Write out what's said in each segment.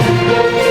Música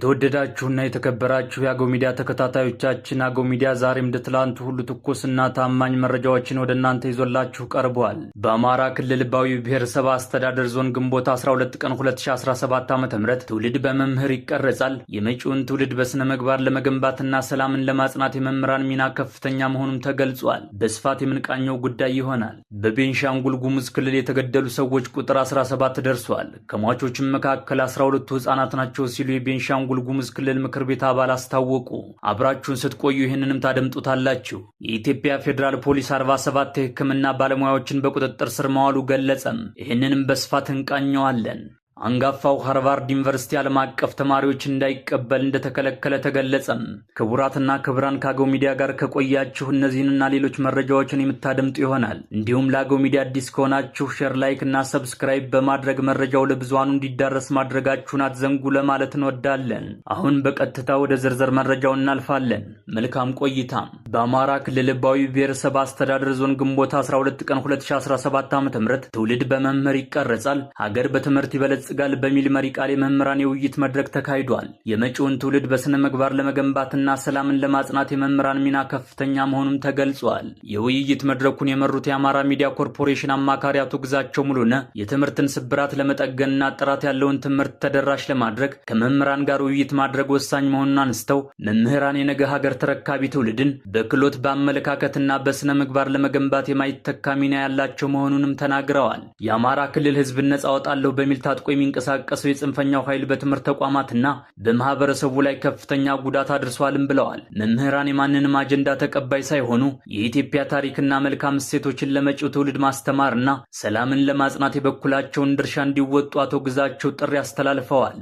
የተወደዳችሁና የተከበራችሁ የአገው ሚዲያ ተከታታዮቻችን አገው ሚዲያ ዛሬም እንደ ትላንቱ ሁሉ ትኩስና ታማኝ መረጃዎችን ወደ እናንተ ይዞላችሁ ቀርቧል። በአማራ ክልል ባዊ ብሔረሰብ አስተዳደር ዞን ግንቦት 12 ቀን 2017 ዓ ም ትውልድ በመምህር ይቀረጻል የመጪውን ትውልድ በሥነ ምግባር ለመገንባትና ሰላምን ለማጽናት የመምህራን ሚና ከፍተኛ መሆኑም ተገልጿል። በስፋት የምንቃኘው ጉዳይ ይሆናል። በቤንሻንጉል ጉሙዝ ክልል የተገደሉ ሰዎች ቁጥር 17 ደርሷል። ከሟቾችም መካከል 12ቱ ሕፃናት ናቸው ሲሉ የቤንሻንጉል የቤንሻንጉል ጉሙዝ ክልል ምክር ቤት አባል አስታወቁ። አብራችሁን ስትቆዩ ይህንንም ታደምጡታላችሁ። የኢትዮጵያ ፌዴራል ፖሊስ 47 የሕክምና ባለሙያዎችን በቁጥጥር ስር መዋሉ ገለጸም። ይህንንም በስፋት እንቃኘዋለን። አንጋፋው ሃርቫርድ ዩኒቨርሲቲ ዓለም አቀፍ ተማሪዎች እንዳይቀበል እንደተከለከለ ተገለጸም። ክቡራትና ክቡራን ከአገው ሚዲያ ጋር ከቆያችሁ እነዚህንና ሌሎች መረጃዎችን የምታደምጡ ይሆናል። እንዲሁም ለአገው ሚዲያ አዲስ ከሆናችሁ ሼር፣ ላይክ እና ሰብስክራይብ በማድረግ መረጃው ለብዙሃኑ እንዲዳረስ ማድረጋችሁን አትዘንጉ ለማለት እንወዳለን። አሁን በቀጥታ ወደ ዝርዝር መረጃው እናልፋለን። መልካም ቆይታ በአማራ ክልል ባዊ ብሔረሰብ አስተዳደር ዞን ግንቦት 12 ቀን 2017 ም ትውልድ በመምህር ይቀረጻል፣ ሀገር በትምህርት ይበለጽ ይበለጽጋል በሚል መሪ ቃል የመምህራን የውይይት መድረክ ተካሂዷል። የመጪውን ትውልድ በሥነ ምግባር ለመገንባትና ሰላምን ለማጽናት የመምህራን ሚና ከፍተኛ መሆኑም ተገልጿል። የውይይት መድረኩን የመሩት የአማራ ሚዲያ ኮርፖሬሽን አማካሪ አቶ ግዛቸው ሙሉነ የትምህርትን ስብራት ለመጠገንና ጥራት ያለውን ትምህርት ተደራሽ ለማድረግ ከመምህራን ጋር ውይይት ማድረግ ወሳኝ መሆኑን አንስተው መምህራን የነገ ሀገር ተረካቢ ትውልድን በክሎት በአመለካከትና በሥነ ምግባር ለመገንባት የማይተካ ሚና ያላቸው መሆኑንም ተናግረዋል። የአማራ ክልል ሕዝብን ነጻ አወጣለሁ በሚል ታጥቆ የሚንቀሳቀሰው የጽንፈኛው ኃይል በትምህርት ተቋማትና በማህበረሰቡ ላይ ከፍተኛ ጉዳት አድርሷልም ብለዋል። መምህራን የማንንም አጀንዳ ተቀባይ ሳይሆኑ የኢትዮጵያ ታሪክና መልካም እሴቶችን ለመጪው ትውልድ ማስተማርና ሰላምን ለማጽናት የበኩላቸውን ድርሻ እንዲወጡ አቶ ግዛቸው ጥሪ አስተላልፈዋል።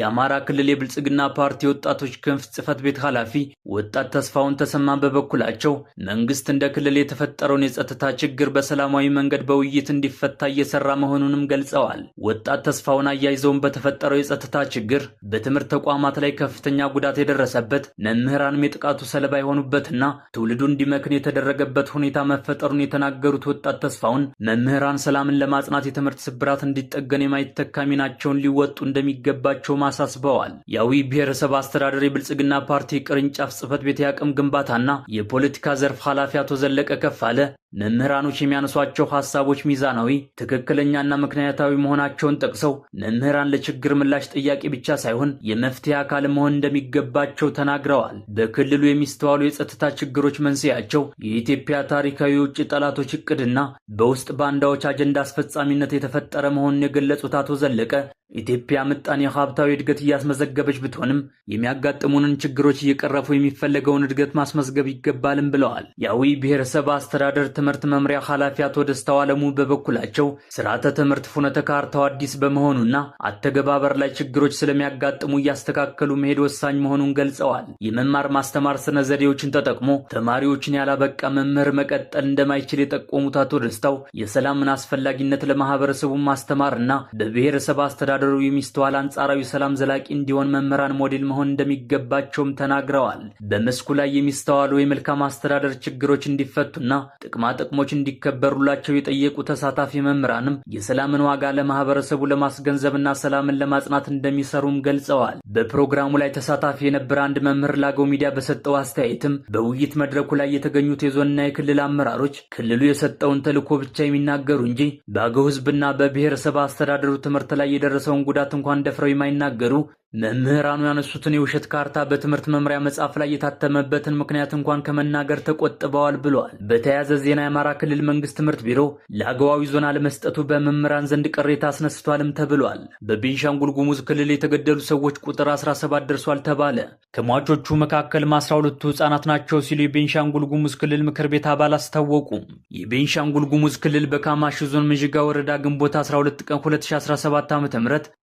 የአማራ ክልል የብልጽግና ፓርቲ ወጣቶች ክንፍ ጽህፈት ቤት ኃላፊ ወጣት ተስፋውን ተሰማን በበኩላቸው መንግስት እንደ ክልል የተፈጠረውን የጸጥታ ችግር በሰላማዊ መንገድ በውይይት እንዲፈታ እየሰራ መሆኑንም ገልጸዋል። ወጣት ተስፋ አጸፋውን አያይዘውን በተፈጠረው የጸጥታ ችግር በትምህርት ተቋማት ላይ ከፍተኛ ጉዳት የደረሰበት መምህራንም የጥቃቱ ሰለባ የሆኑበትና ትውልዱ እንዲመክን የተደረገበት ሁኔታ መፈጠሩን የተናገሩት ወጣት ተስፋውን መምህራን ሰላምን ለማጽናት የትምህርት ስብራት እንዲጠገን የማይተካ ሚናቸውን ሊወጡ እንደሚገባቸውም አሳስበዋል። የአዊ ብሔረሰብ አስተዳደር የብልጽግና ፓርቲ ቅርንጫፍ ጽህፈት ቤት የአቅም ግንባታና የፖለቲካ ዘርፍ ኃላፊ አቶ ዘለቀ ከፍ አለ። መምህራኖች የሚያነሷቸው ሀሳቦች ሚዛናዊ፣ ትክክለኛና ምክንያታዊ መሆናቸውን ጠቅሰው መምህራን ለችግር ምላሽ ጥያቄ ብቻ ሳይሆን የመፍትሄ አካል መሆን እንደሚገባቸው ተናግረዋል። በክልሉ የሚስተዋሉ የጸጥታ ችግሮች መንስያቸው። የኢትዮጵያ ታሪካዊ የውጭ ጠላቶች እቅድና በውስጥ ባንዳዎች አጀንዳ አስፈጻሚነት የተፈጠረ መሆኑን የገለጹት አቶ ዘለቀ ኢትዮጵያ ምጣኔ ሀብታዊ እድገት እያስመዘገበች ብትሆንም የሚያጋጥሙንን ችግሮች እየቀረፉ የሚፈለገውን እድገት ማስመዝገብ ይገባልም ብለዋል። የአዊ ብሔረሰብ አስተዳደር ትምህርት መምሪያ ኃላፊ አቶ ደስታው አለሙ በበኩላቸው ስርዓተ ትምህርት ፍኖተ ካርታው አዲስ በመሆኑና አተገባበር ላይ ችግሮች ስለሚያጋጥሙ እያስተካከሉ መሄድ ወሳኝ መሆኑን ገልጸዋል። የመማር ማስተማር ስነ ዘዴዎችን ተጠቅሞ ተማሪዎችን ያላበቃ መምህር መቀጠል እንደማይችል የጠቆሙት አቶ ደስታው የሰላምን አስፈላጊነት ለማህበረሰቡ ማስተማርና በብሔረሰብ አስተዳደ አስተዳደሩ የሚስተዋል አንጻራዊ ሰላም ዘላቂ እንዲሆን መምህራን ሞዴል መሆን እንደሚገባቸውም ተናግረዋል። በመስኩ ላይ የሚስተዋሉ የመልካም አስተዳደር ችግሮች እንዲፈቱና ጥቅማ ጥቅሞች እንዲከበሩላቸው የጠየቁ ተሳታፊ መምህራንም የሰላምን ዋጋ ለማህበረሰቡ ለማስገንዘብና ሰላምን ለማጽናት እንደሚሰሩም ገልጸዋል። በፕሮግራሙ ላይ ተሳታፊ የነበረ አንድ መምህር ላገው ሚዲያ በሰጠው አስተያየትም በውይይት መድረኩ ላይ የተገኙት የዞንና የክልል አመራሮች ክልሉ የሰጠውን ተልዕኮ ብቻ የሚናገሩ እንጂ በአገው ህዝብና በብሔረሰብ አስተዳደሩ ትምህርት ላይ የደረሰው የደረሰውን ጉዳት እንኳን ደፍረው የማይናገሩ መምህራኑ ያነሱትን የውሸት ካርታ በትምህርት መምሪያ መጽሐፍ ላይ የታተመበትን ምክንያት እንኳን ከመናገር ተቆጥበዋል ብለዋል። በተያያዘ ዜና የአማራ ክልል መንግስት ትምህርት ቢሮ ለአገዋዊ ዞን አለመስጠቱ በመምህራን ዘንድ ቅሬታ አስነስቷልም ተብሏል። በቤንሻንጉል ጉሙዝ ክልል የተገደሉ ሰዎች ቁጥር 17 ደርሷል ተባለ። ከሟቾቹ መካከልም 12ቱ ህጻናት ናቸው ሲሉ የቤንሻንጉል ጉሙዝ ክልል ምክር ቤት አባል አስታወቁም። የቤንሻንጉል ጉሙዝ ክልል በካማሽ ዞን ምዥጋ ወረዳ ግንቦት 12 ቀን 2017 ዓ ም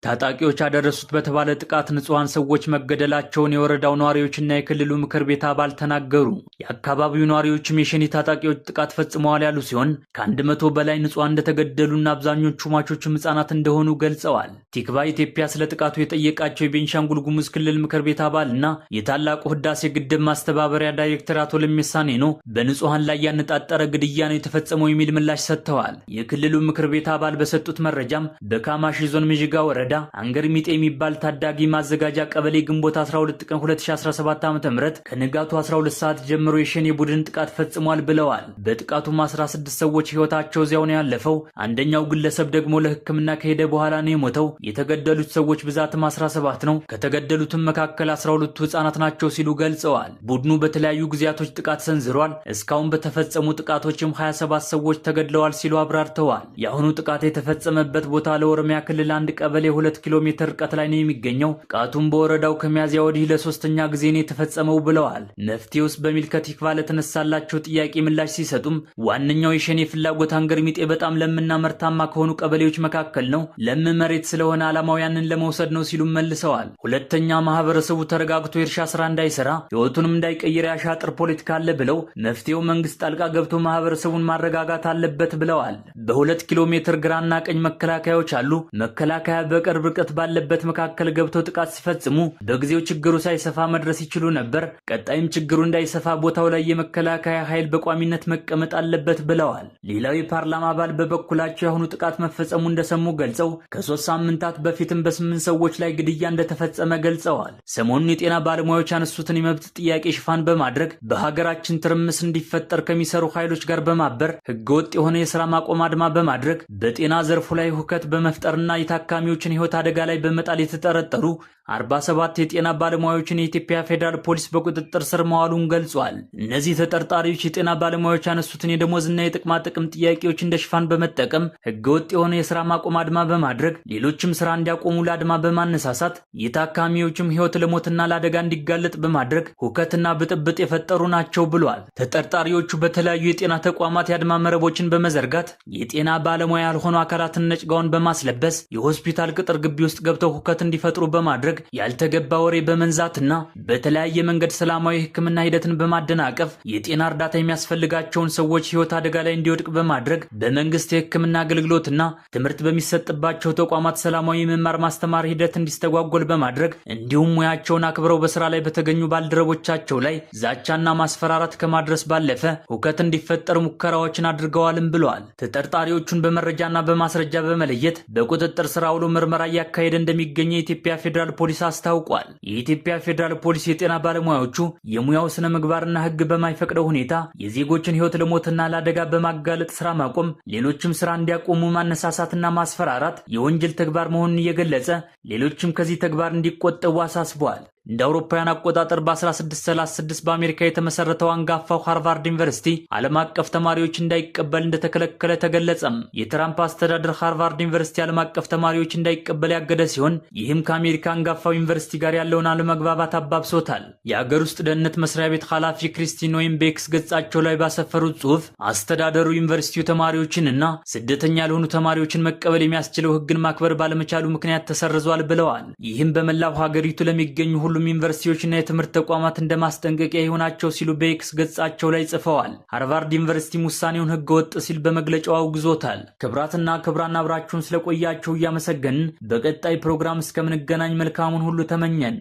ታጣቂዎች ያደረሱት በተባለ ጥቃት በጥቃት ንጹሐን ሰዎች መገደላቸውን የወረዳው ነዋሪዎችና የክልሉ ምክር ቤት አባል ተናገሩ። የአካባቢው ነዋሪዎችም የሸኔ ታጣቂዎች ጥቃት ፈጽመዋል ያሉ ሲሆን ከአንድ መቶ በላይ ንጹሐን እንደተገደሉና አብዛኞቹ ሟቾችም ህጻናት እንደሆኑ ገልጸዋል። ቲክቫ ኢትዮጵያ ስለ ጥቃቱ የጠየቃቸው የቤንሻንጉል ጉሙዝ ክልል ምክር ቤት አባልና የታላቁ ህዳሴ ግድብ ማስተባበሪያ ዳይሬክተር አቶ ለሜሳኔ ነው በንጹሐን ላይ ያነጣጠረ ግድያ ነው የተፈጸመው የሚል ምላሽ ሰጥተዋል። የክልሉ ምክር ቤት አባል በሰጡት መረጃም በካማሺ ዞን ምዥጋ ወረዳ አንገር ሚጤ የሚባል ታዳጊ ጊ ማዘጋጃ ቀበሌ ግንቦት 12 ቀን 2017 ዓ ም ከንጋቱ 12 ሰዓት ጀምሮ የሸኔ ቡድን ጥቃት ፈጽሟል ብለዋል። በጥቃቱም 16 ሰዎች ሕይወታቸው እዚያው ነው ያለፈው። አንደኛው ግለሰብ ደግሞ ለህክምና ከሄደ በኋላ ነው የሞተው። የተገደሉት ሰዎች ብዛትም 17 ነው። ከተገደሉትም መካከል 12ቱ ሕጻናት ናቸው ሲሉ ገልጸዋል። ቡድኑ በተለያዩ ጊዜያቶች ጥቃት ሰንዝሯል። እስካሁን በተፈጸሙ ጥቃቶችም 27 ሰዎች ተገድለዋል ሲሉ አብራርተዋል። የአሁኑ ጥቃት የተፈጸመበት ቦታ ለኦሮሚያ ክልል አንድ ቀበሌ 2 ኪሎ ሜትር ርቀት ላይ ነው የሚገኘው። ነው። ጥቃቱም በወረዳው ከሚያዝያ ወዲህ ለሶስተኛ ጊዜ ነው የተፈጸመው ብለዋል። መፍትሄ ውስጥ በሚል ከቲክቫ ለተነሳላቸው ጥያቄ ምላሽ ሲሰጡም ዋነኛው የሸኔ ፍላጎት አንገርሚጤ በጣም ለምና መርታማ ከሆኑ ቀበሌዎች መካከል ነው። ለም መሬት ስለሆነ ዓላማው ያንን ለመውሰድ ነው ሲሉም መልሰዋል። ሁለተኛ ማህበረሰቡ ተረጋግቶ የእርሻ ስራ እንዳይሰራ ህይወቱንም እንዳይቀይር ያሻጥር ፖለቲካ አለ ብለው መፍትሄው መንግስት ጣልቃ ገብቶ ማህበረሰቡን ማረጋጋት አለበት ብለዋል። በሁለት ኪሎ ሜትር ግራና ቀኝ መከላከያዎች አሉ። መከላከያ በቅርብ ርቀት ባለበት መካከል ገብቶ አጥፍተው ጥቃት ሲፈጽሙ በጊዜው ችግሩ ሳይሰፋ መድረስ ይችሉ ነበር። ቀጣይም ችግሩ እንዳይሰፋ ቦታው ላይ የመከላከያ ኃይል በቋሚነት መቀመጥ አለበት ብለዋል። ሌላው የፓርላማ አባል በበኩላቸው የአሁኑ ጥቃት መፈጸሙ እንደሰሙ ገልጸው ከሶስት ሳምንታት በፊትም በስምንት ሰዎች ላይ ግድያ እንደተፈጸመ ገልጸዋል። ሰሞኑን የጤና ባለሙያዎች ያነሱትን የመብት ጥያቄ ሽፋን በማድረግ በሀገራችን ትርምስ እንዲፈጠር ከሚሰሩ ኃይሎች ጋር በማበር ህገወጥ የሆነ የስራ ማቆም አድማ በማድረግ በጤና ዘርፉ ላይ ሁከት በመፍጠርና የታካሚዎችን ህይወት አደጋ ላይ በመጣል የተጠረጠሩ claro 47 የጤና ባለሙያዎችን የኢትዮጵያ ፌዴራል ፖሊስ በቁጥጥር ስር መዋሉን ገልጿል። እነዚህ ተጠርጣሪዎች የጤና ባለሙያዎች ያነሱትን የደሞዝና የጥቅማ ጥቅም ጥያቄዎች እንደ ሽፋን በመጠቀም ህገወጥ የሆነ የስራ ማቆም አድማ በማድረግ ሌሎችም ስራ እንዲያቆሙ ለአድማ በማነሳሳት የታካሚዎችም ህይወት ለሞትና ለአደጋ እንዲጋለጥ በማድረግ ሁከትና ብጥብጥ የፈጠሩ ናቸው ብሏል። ተጠርጣሪዎቹ በተለያዩ የጤና ተቋማት የአድማ መረቦችን በመዘርጋት የጤና ባለሙያ ያልሆኑ አካላትን ነጭ ጋውን በማስለበስ የሆስፒታል ቅጥር ግቢ ውስጥ ገብተው ሁከት እንዲፈጥሩ በማድረግ ያልተገባ ወሬ በመንዛትና በተለያየ መንገድ ሰላማዊ ሕክምና ሂደትን በማደናቀፍ የጤና እርዳታ የሚያስፈልጋቸውን ሰዎች ሕይወት አደጋ ላይ እንዲወድቅ በማድረግ በመንግስት የሕክምና አገልግሎትና ትምህርት በሚሰጥባቸው ተቋማት ሰላማዊ የመማር ማስተማር ሂደት እንዲስተጓጎል በማድረግ እንዲሁም ሙያቸውን አክብረው በስራ ላይ በተገኙ ባልደረቦቻቸው ላይ ዛቻና ማስፈራራት ከማድረስ ባለፈ ሁከት እንዲፈጠር ሙከራዎችን አድርገዋልም ብለዋል። ተጠርጣሪዎቹን በመረጃና በማስረጃ በመለየት በቁጥጥር ስር አውሎ ምርመራ እያካሄደ እንደሚገኘ የኢትዮጵያ ፌዴራል ፖሊስ ፖሊስ አስታውቋል። የኢትዮጵያ ፌዴራል ፖሊስ የጤና ባለሙያዎቹ የሙያው ስነ ምግባርና ሕግ በማይፈቅደው ሁኔታ የዜጎችን ሕይወት ለሞትና ለአደጋ በማጋለጥ ስራ ማቆም፣ ሌሎችም ስራ እንዲያቆሙ ማነሳሳትና ማስፈራራት የወንጀል ተግባር መሆኑን እየገለጸ ሌሎችም ከዚህ ተግባር እንዲቆጠቡ አሳስበዋል። እንደ አውሮፓውያን አቆጣጠር በ1636 በአሜሪካ የተመሰረተው አንጋፋው ሃርቫርድ ዩኒቨርሲቲ ዓለም አቀፍ ተማሪዎች እንዳይቀበል እንደተከለከለ ተገለጸም። የትራምፕ አስተዳደር ሃርቫርድ ዩኒቨርሲቲ ዓለም አቀፍ ተማሪዎች እንዳይቀበል ያገደ ሲሆን ይህም ከአሜሪካ አንጋፋው ዩኒቨርሲቲ ጋር ያለውን አለመግባባት አባብሶታል። የአገር ውስጥ ደህንነት መስሪያ ቤት ኃላፊ ክሪስቲን ወይም በኤክስ ገጻቸው ላይ ባሰፈሩት ጽሑፍ አስተዳደሩ ዩኒቨርሲቲው ተማሪዎችንና ስደተኛ ያልሆኑ ተማሪዎችን መቀበል የሚያስችለው ሕግን ማክበር ባለመቻሉ ምክንያት ተሰርዟል ብለዋል። ይህም በመላው ሀገሪቱ ለሚገኙ ሁሉ ለሁሉም ዩኒቨርሲቲዎችና የትምህርት ተቋማት እንደ ማስጠንቀቂያ ይሆናቸው ሲሉ በኤክስ ገጻቸው ላይ ጽፈዋል። ሃርቫርድ ዩኒቨርሲቲም ውሳኔውን ህገወጥ ሲል በመግለጫው አውግዞታል። ክብራትና ክብራን አብራችሁን ስለቆያቸው እያመሰገን በቀጣይ ፕሮግራም እስከምንገናኝ መልካሙን ሁሉ ተመኘን።